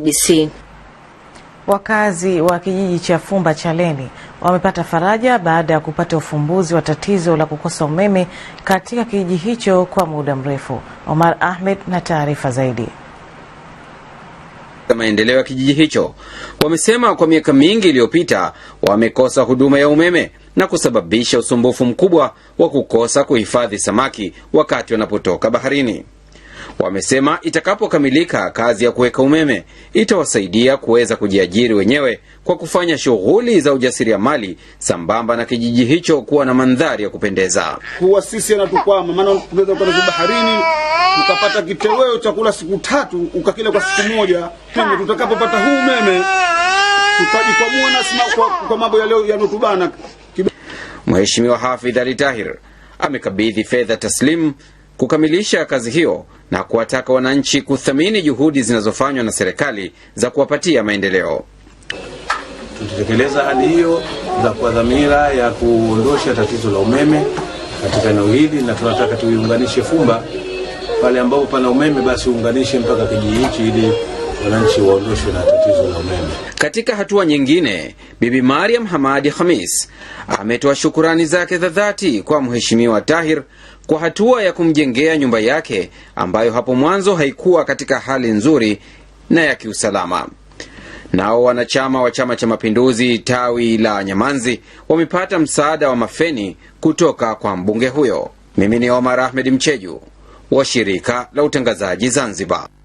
BC. Wakazi wa kijiji cha Fumba Chaleni wamepata faraja baada ya kupata ufumbuzi wa tatizo la kukosa umeme katika kijiji hicho kwa muda mrefu. Omar Ahmed na taarifa zaidi. Maendeleo ya kijiji hicho wamesema kwa miaka mingi iliyopita wamekosa huduma ya umeme na kusababisha usumbufu mkubwa wa kukosa kuhifadhi samaki wakati wanapotoka baharini. Wamesema itakapokamilika kazi ya kuweka umeme itawasaidia kuweza kujiajiri wenyewe kwa kufanya shughuli za ujasiriamali sambamba na kijiji hicho kuwa na mandhari ya kupendeza. Kuwa sisi anatukwama, maana unaweza kwenda baharini ukapata kitoweo chakula siku tatu ukakila kwa siku moja, kwani tutakapopata huu umeme tutajikwamua nasi kwa, kwa mambo yanotubana Mheshimiwa Hafidh Ali Tahir amekabidhi fedha taslimu kukamilisha kazi hiyo na kuwataka wananchi kuthamini juhudi zinazofanywa na serikali za kuwapatia maendeleo. Tutatekeleza hali hiyo za kwa dhamira ya kuondosha tatizo la umeme katika eneo hili, na tunataka tuiunganishe Fumba pale ambapo pana umeme, basi uunganishe mpaka kijiji hichi ili wananchi waondoshwe na tatizo la umeme. Katika hatua nyingine, Bibi Mariam Hamadi Khamis ametoa shukurani zake za dhati kwa Mheshimiwa Tahir kwa hatua ya kumjengea nyumba yake ambayo hapo mwanzo haikuwa katika hali nzuri na ya kiusalama. Nao wanachama wa Chama cha Mapinduzi tawi la Nyamanzi wamepata msaada wa mafeni kutoka kwa mbunge huyo. Mimi ni Omar Ahmed Mcheju wa shirika la utangazaji Zanzibar.